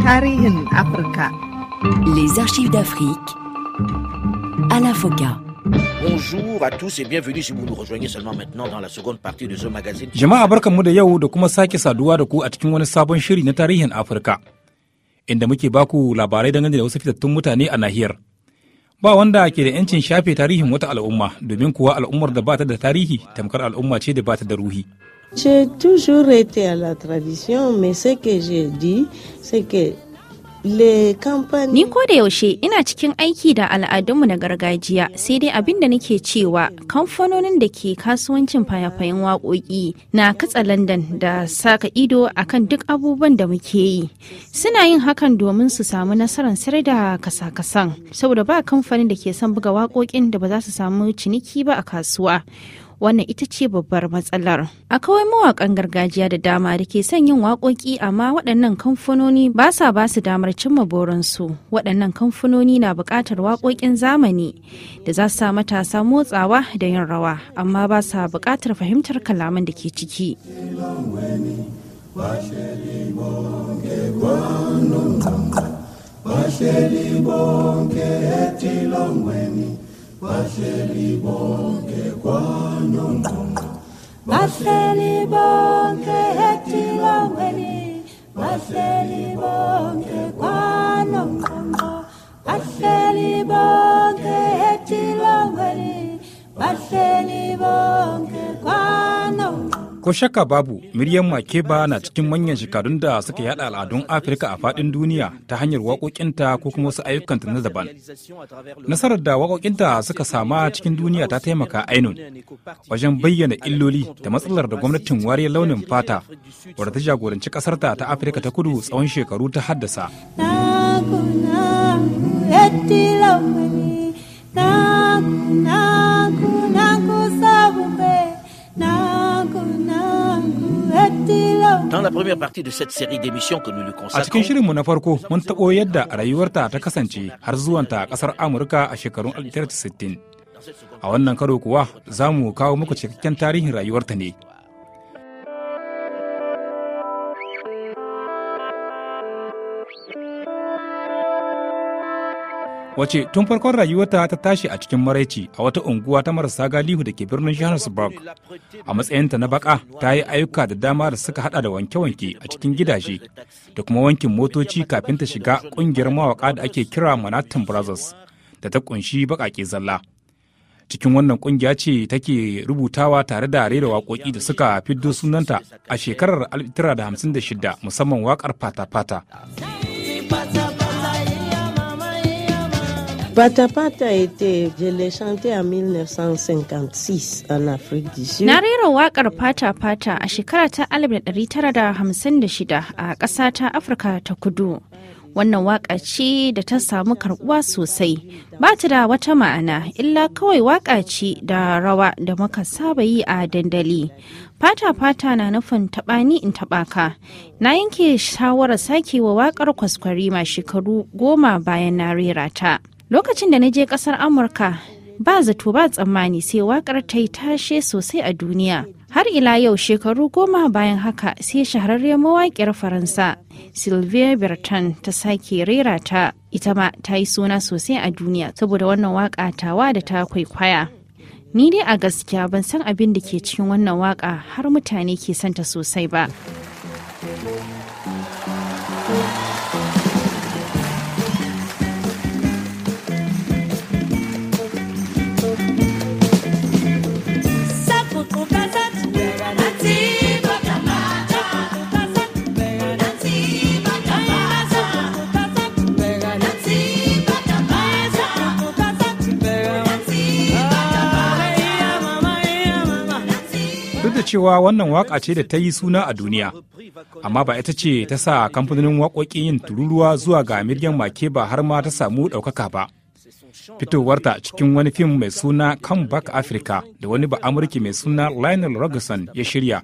Tarihin Afirka. Les archives d'Afrique à la FOCA. Bonjour à tous et bienvenue si vous nous rejoignez seulement maintenant dans la seconde partie de ce magazine. Jama'a barkanmu da yau da kuma sake saduwa da ku a cikin wani sabon shiri na tarihin Afirka. Inda muke baku labarai dangane da wasu fitattun mutane a nahiyar. Ba wanda ke da 'yancin shafe tarihin wata al'umma domin kuwa al'ummar da ba ta da tarihi tamkar al'umma ce da ba ta da ruhi. J'ai toujours été à la tradition, mais ce que j'ai dit, c'est que Ni ko da yaushe ina cikin aiki da al'adunmu na gargajiya sai dai abin da nake cewa kamfanonin da ke kasuwancin fayafayen waƙoƙi na katsa London da saka ido akan duk abubuwan da muke yi. Suna yin hakan domin su samu nasarar sayar da kasa-kasan saboda ba kamfanin da ke son buga waƙoƙin da ba za su samu ciniki ba a kasuwa. wannan ita ce babbar matsalar akwai mawakan gargajiya da dama da ke son yin waƙoƙi amma waɗannan kamfanoni ba sa ba su damar cimma burinsu waɗannan kamfanoni na buƙatar waƙoƙin zamani da za su sa matasa motsawa da yin rawa amma ba sa buƙatar fahimtar kalaman da ke ciki bonke bahleli bonke kwanongoma bahleli bonke etilaweni bahleli bonke kwanongqongqo bahleli bonke etilaweni bahleli bonke kwanongqongqo Ko shakka babu, Miriam Makeba na cikin manyan shekarun da suka yada al'adun Afirka a faɗin duniya ta hanyar waƙoƙinta ko kuma wasu ayyukanta na daban. Nasarar da waƙoƙinta suka sama cikin duniya ta taimaka ainun wajen bayyana illoli da matsalar da gwamnatin wariyar launin fata wadda ta jagoranci ƙasarta ta Afirka ta kudu tsawon shekaru ta haddasa. na. Dans la première partie de cette série d'émissions que nous lui consacrons, a cikin shirinmu na farko mun taɓo yadda rayuwarta ta kasance har zuwanta a ƙasar Amurka a shekarun 1960. A wannan karo kuwa za mu kawo muku cikakken tarihin rayuwarta ne wace tun farkon rayuwarta ta tashi a cikin maraici a wata unguwa ta marasa galihu da ke birnin johannesburg a matsayinta na baka ta yi ayyuka da dama da suka hada da wanke-wanke a cikin gidaje da kuma wankin motoci kafin ta shiga kungiyar mawaka da ake kira manhattan brothers da ta kunshi bakake zalla cikin wannan kungiya ce take rubutawa tare da rera waƙoƙi da suka fiddo sunanta a shekarar 1956 musamman waƙar fata-fata Pata Pata était, je l'ai chanté en 1956 en Afrique du Sud. Na rera Pata Pata a shekara ta 1956 a ƙasa ta Afirka ta Kudu. Wannan waka ce da ta samu karbuwa sosai, ba ta da wata ma'ana, illa kawai waka ce da rawa da muka saba yi a dandali. Fata-fata na nufin taɓa ni in taɓa ka. Na yanke shawarar sake wa waƙar kwaskwari ma shekaru goma bayan na rera ta. lokacin da na je kasar amurka ba zato ba tsammani sai wakar ta yi tashe sosai a duniya har ila yau shekaru goma bayan haka sai shahararriyar mawaƙiyar faransa sylvia bertan ta sake rera ta ita ma ta yi suna sosai a duniya saboda wannan waƙa tawa da ta kwaikwaya ni dai a gaskiya ban san abin da ke cikin wannan waƙa har mutane ke santa sosai ba. cewa wannan waka ce da ta yi suna a duniya, amma ba ita ce ta sa kamfanin waƙoƙin yin tururuwa zuwa ga make ba har ma ta samu ɗaukaka ba. Fitowarta cikin wani fim mai suna Come Back Africa da wani ba Amurki mai suna Lionel Rogerson ya shirya,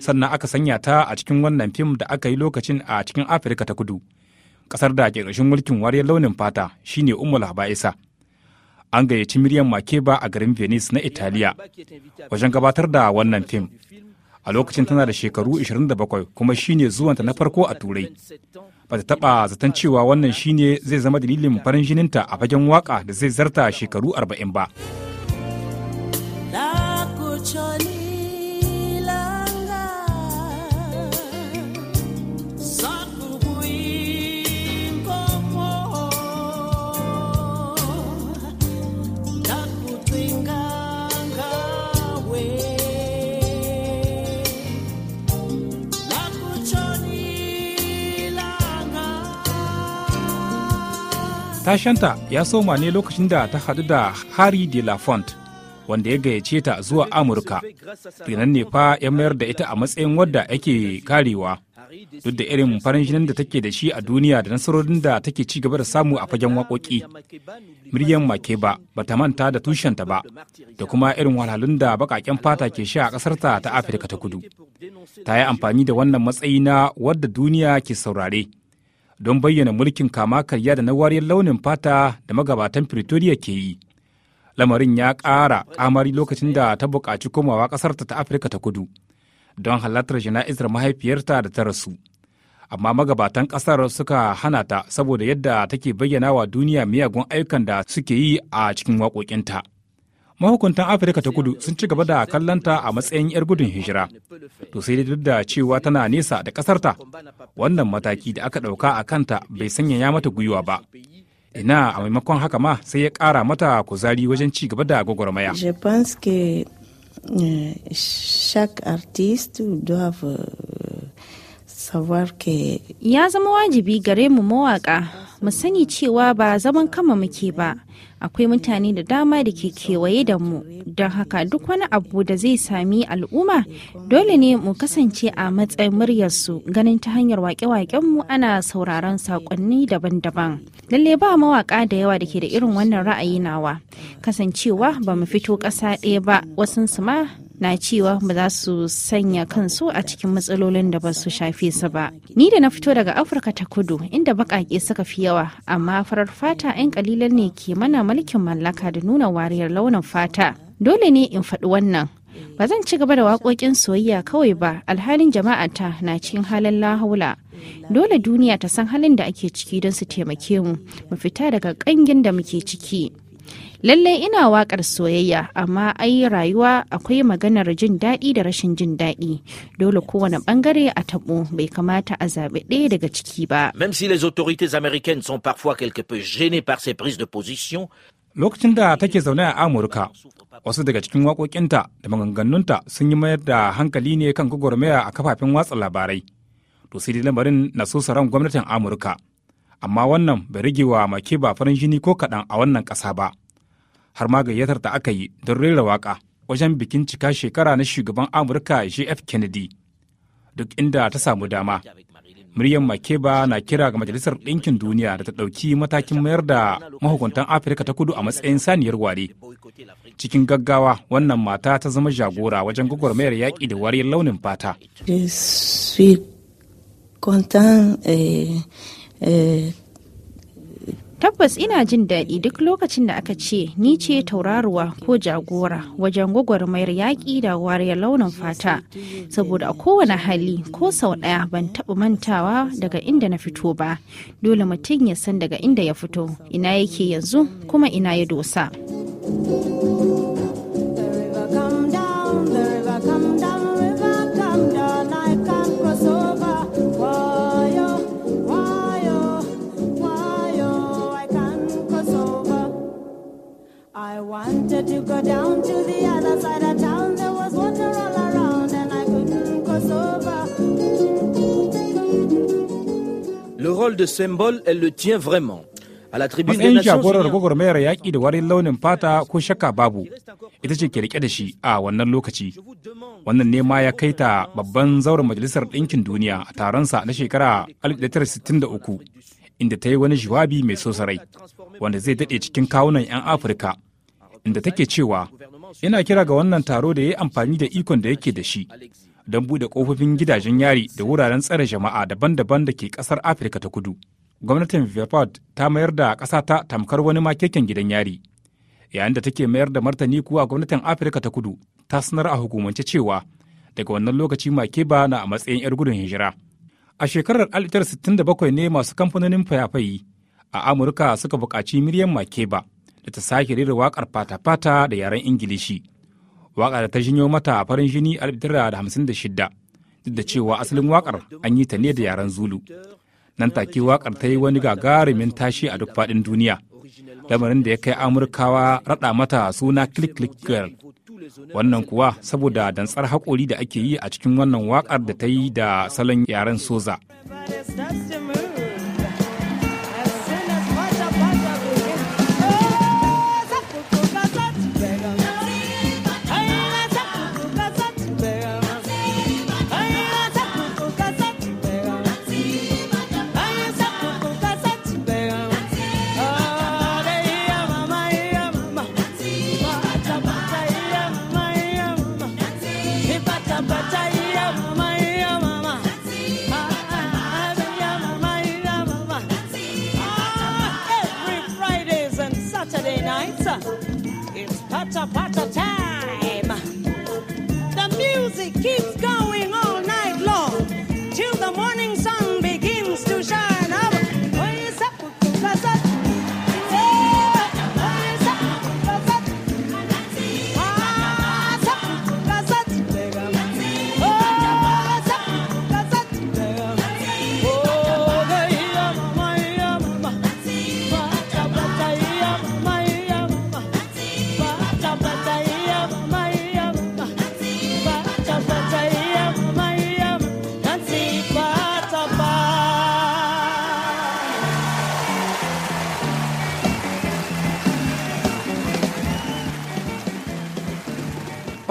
sannan aka sanya ta a cikin wannan fim da aka yi lokacin a cikin Afirka ta kudu. Ƙasar da ke ƙarshen mulkin wariyar launin fata shine haba Haba'isa. an gayyaci Miriam Makeba a garin Venice na Italiya wajen gabatar da wannan fim. A lokacin tana da shekaru 27 kuma shine zuwanta na farko a Turai. Ba ta taɓa zaton cewa wannan shine zai zama dalilin farin jininta a fagen waka da zai zarta shekaru 40 ba. Tashanta ya soma ne lokacin da ta hadu da Harry de la Font wanda ya gayyace ta zuwa Amurka. Rinan ne fa ya mayar da ita a matsayin wadda ake karewa duk da irin farin jinin da take da shi a duniya da nasarorin da take ci gaba da samu a fagen waƙoƙi. Miriam Makeba ba ta manta da tushenta ba da kuma irin wahalhalun da baƙaƙen fata ke sha a ƙasarta ta Afirka ta Kudu. Ta yi amfani da wannan matsayi na wadda duniya ke saurare. don bayyana mulkin kama karya da na wariyar launin fata da magabatan pretoria ke yi lamarin ya ƙara ƙamari lokacin da ta buƙaci komawa ƙasarta ta afirka ta kudu don halartar jana'izar mahaifiyarta da ta rasu amma magabatan ƙasar suka hana ta saboda yadda take bayyana wa duniya miyagun ayyukan da suke yi a cikin waƙoƙinta. mahukuntan afirka ta kudu sun ci gaba da kallanta a matsayin 'yar gudun hijira to sai dai duk da cewa tana nesa da ƙasarta wannan mataki da aka ɗauka a kanta bai sanya ya mata gwiwa ba ina a maimakon haka ma sai ya kara mata kuzari wajen ci gaba da gwagwarmaya eh, euh, ya zama wajibi gare mu mawaƙa mu sani cewa ba zaman kama muke ba akwai mutane da dama da ke kewaye da mu don haka duk wani abu da zai sami al'umma dole ne mu kasance a matsayin muryarsu ganin ta hanyar wake-wakenmu ana sauraron saƙonni daban-daban lalle ba mawaka da yawa da ke da irin wannan ra'ayi nawa kasancewa ba mu fito ƙasa ɗaya ba wasunsu ma na cewa ba za su sanya kansu a cikin matsalolin da ba su shafe su ba. Ni da na fito daga Afirka ta kudu inda baƙaƙe suka fi yawa amma farar fata 'yan ƙalilan ne ke mana mulkin mallaka da nuna wariyar launin fata. Dole ne in faɗi wannan. Ba zan ci gaba da waƙoƙin soyayya kawai ba alhalin ta na cikin halin lahaula. Dole duniya ta san halin da ake ciki don su taimake mu mu fita daga ƙangin da muke ciki. lallai ina wakar soyayya amma ai rayuwa akwai maganar jin daɗi da rashin jin daɗi dole kowane ɓangare a taɓo bai kamata a zaɓi ɗaya daga ciki ba. Même si les autorités américaines sont parfois quelque peu gênées par ces prises de position, Lokacin da take zaune a Amurka, wasu daga cikin waƙoƙinta da maganganunta sun yi mayar da hankali ne kan gwagwarmaya a kafafen watsa labarai. To sai dai lamarin na so ran gwamnatin Amurka. Amma wannan bai rage wa make ba farin jini ko kaɗan a wannan ƙasa ba. har ma gayyatar da aka yi don rera waka wajen bikin cika shekara na shugaban Amurka JF Kennedy duk inda ta samu dama. Miriam Makeba na kira ga Majalisar Ɗinkin Duniya da ta ɗauki matakin mayar da mahukuntan Afirka ta kudu a matsayin saniyar ware. Cikin gaggawa wannan mata ta zama jagora wajen gwagwarmayar yaƙi da wariyar launin fata. content eh, eh, Tabbas ina jin daɗi duk lokacin da aka ce ni ce tauraruwa ko jagora wajen gwagwarmayar yaƙi da wariyar launin fata saboda a kowane hali ko sau ɗaya ban taɓa mantawa daga inda na fito ba dole mutum ya san daga inda ya fito ina yake yanzu kuma ina ya dosa. wanted to go down to the other side of town. There was water all around and I couldn't cross over. Le de symbole, elle le tient vraiment. a jagorar gwagwarmayar yaƙi da warin launin fata ko shakka babu ita ce ke rike da shi a wannan lokaci wannan nema ya kai ta babban zauren majalisar ɗinkin duniya a taronsa na shekara 1963 inda ta yi wani jawabi mai sosarai wanda zai daɗe cikin kawunan 'yan afirka inda take cewa yana kira ga wannan taro da ya yi amfani da ikon da yake da shi don buɗe ƙofofin gidajen yari da wuraren tsare jama'a daban-daban da ke ƙasar afirka ta kudu gwamnatin vipod ta mayar da ƙasa ta tamkar wani makeken gidan yari yayin da take mayar da martani kuwa gwamnatin afirka ta kudu ta sanar a hukumance cewa daga wannan lokaci makeba na a matsayin 'yar gudun hijira a shekarar 1967 ne masu kamfanonin fayafayi a amurka suka buƙaci miriam makeba da ta sake rera waƙar fata-fata da yaren ingilishi waƙa da ta jinyo mata a farin jini a 1956 duk da cewa asalin wakar an yi ta ne da yaren zulu nan take waƙar ta yi wani gagarumin tashi a duk faɗin duniya lamarin da ya kai amurkawa raɗa mata suna click click girl wannan kuwa saboda dantsar hakori da ake yi a cikin wannan waƙar da ta yi da salon yaren soza.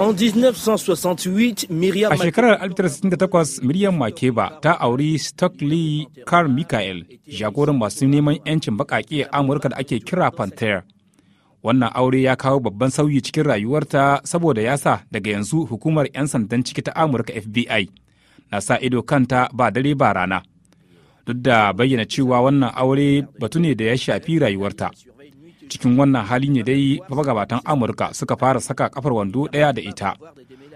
1968, A shekarar 1968, Miriam Makeba ta auri Stockley Carl Michael, jagoran masu neman 'yancin baƙaƙe a Amurka da ake kira Panther. Wannan aure ya kawo babban sauyi cikin rayuwarta saboda ya sa daga yanzu hukumar 'yan sandan ciki ta Amurka FBI na sa ido kanta ba dare ba rana. Duk da bayyana cewa wannan aure batu ne da ya shafi rayuwarta. cikin wannan hali ne dai magabatan amurka suka fara saka kafar wando ɗaya da ita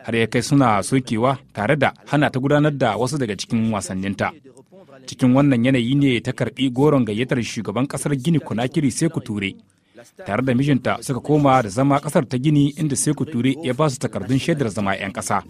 har ya kai suna sokewa tare da hana ta gudanar da wasu daga cikin wasanninta cikin wannan yanayi ne ta karbi goron gayyatar shugaban kasar gini kunakiri seku ture tare da mijinta suka koma da zama kasar ta gini inda seku ture ya ba su takardun shaidar zama 'yan ƙasa.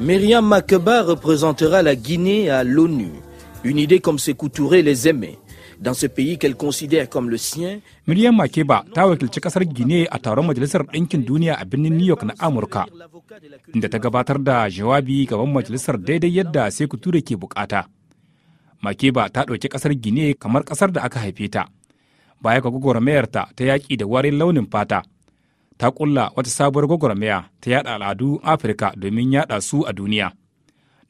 Myriam Makeba représentera la Guinée à l'ONU. Une idée comme ses Touré les aimait. Dans ce pays qu'elle considère comme le sien, Myriam Makeba ta wakilci kasar Guinée a taron Majalisar Ɗinkin Duniya a birnin New York na Amurka, inda ta gabatar da jawabi gaban majalisar daidai yadda Sékou Touré ke bukata. Makeba ta ɗauki kasar Guinée kamar kasar da aka haife ta, baya ga gwagwarmayarta ta yaƙi da warin launin fata. ta kulla wata sabuwar gwagwarmaya ta yada al'adu afirka domin yada su a duniya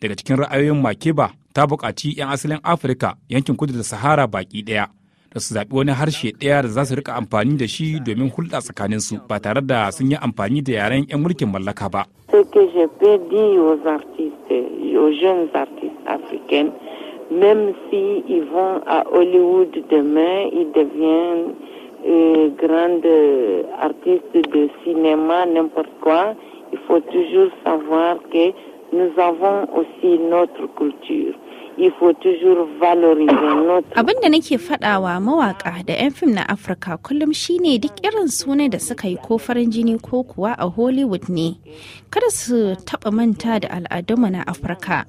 daga cikin ra'ayoyin makeba ta bukaci 'yan asalin afirka yankin kudu da sahara baki ɗaya da su zaɓi wani harshe ɗaya da za su rika amfani da shi domin hulɗa tsakaninsu ba tare da sun yi amfani da yaren 'yan mulkin mallaka ba. Même si ils vont à Hollywood demain, ils deviennent Grand grande artiste de cinéma, n'importe quoi, il faut toujours savoir que nous avons aussi notre culture. Abin da nake fadawa mawaka da 'yan fim na Afirka kullum shine duk irin sune da suka yi ko farin jini ko kuwa a Hollywood ne. Kada su taba manta da al'adunmu na Afirka.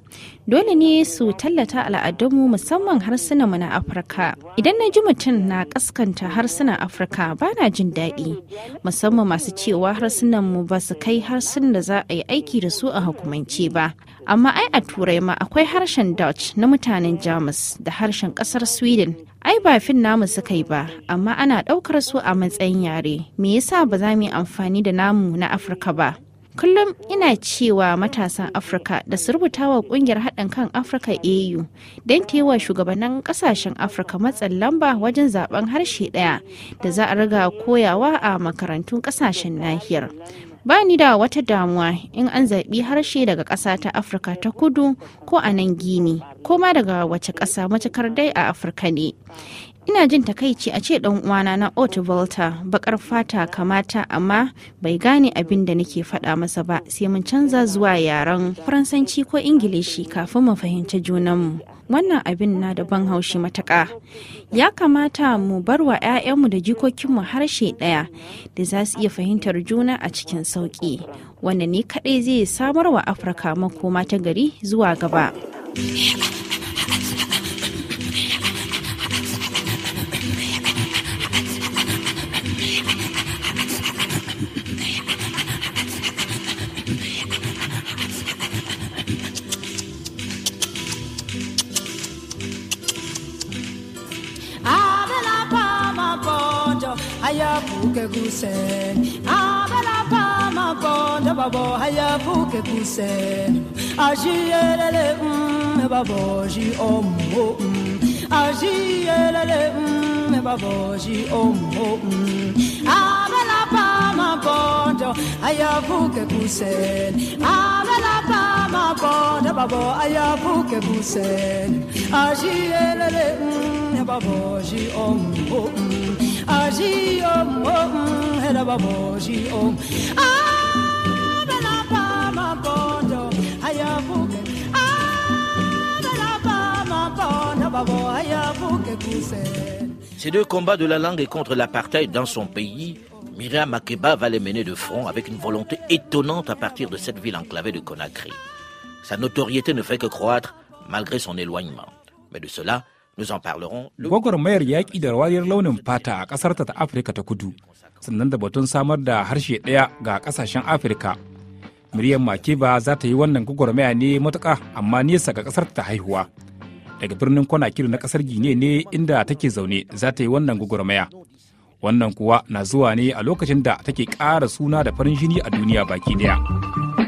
Dole ne su tallata al'adunmu musamman harsunanmu na Afirka. Idan na ji mutum na kaskanta harsunan Afirka ba na jin daɗi. Musamman masu cewa harsunanmu ba su kai harsun da za a yi aiki da su a hukumance ba. amma ai a turai ma akwai harshen dutch na mutanen jamus da harshen kasar sweden ai ba fin namu suka yi ba amma ana daukar su a matsayin yare me yasa ba za mu yi amfani da namu na afirka ba kullum ina cewa matasan afirka da su rubuta wa kungiyar haɗin kan afirka au don wa shugabannin ƙasashen afirka matsin lamba wajen zaben harshe ɗaya da za a riga koyawa a makarantun ƙasashen nahiyar ba ni da wata damuwa in an zaɓi harshe daga ƙasa ta afirka ta kudu ko a nan gini ko ma daga wace ƙasa matukar dai a afirka ne ina jin takaici a ce ɗan uwana na otu Volta bakar fata kamata amma bai gane abin da nake faɗa masa ba sai mun canza zuwa yaren Faransanci ko Ingilishi kafin mu fahimci junanmu. wannan abin na da ban haushi mataka ya kamata mu bar wa 'ya'yanmu da jikokinmu harshe ɗaya da za su iya fahimtar juna a cikin sauƙi wanda ne kaɗai zai samar wa afirka makoma ta gari zuwa gaba vuke kuseni abelapha amaqondo babohaya vuke kuseni ashiyelele umme baboji ommo ashiyelele umme baboji ommo abelapha amaqondo ayavuke kuseni abelapha amaqondo babo ayavuke kuseni ashiyelele umme baboji ommo ces deux combats de la langue et contre l'apartheid dans son pays, Myriam Makeba va les mener de front avec une volonté étonnante à partir de cette ville enclavée de Conakry. Sa notoriété ne fait que croître malgré son éloignement. Mais de cela, Gwagwarmayar yaƙi da wariyar launin fata a ƙasarta ta Afirka ta kudu, sannan da batun samar da harshe ɗaya ga ƙasashen Afirka. Miriam Makeba za ta yi wannan gwagwarmaya ne matuka amma nesa ga ƙasar ta haihuwa. Daga birnin Conakry na ƙasar Gine ne inda take zaune za ta yi wannan gwagwarmaya. Wannan kuwa na zuwa ne a lokacin da take ƙara suna da farin jini a duniya baki ɗaya.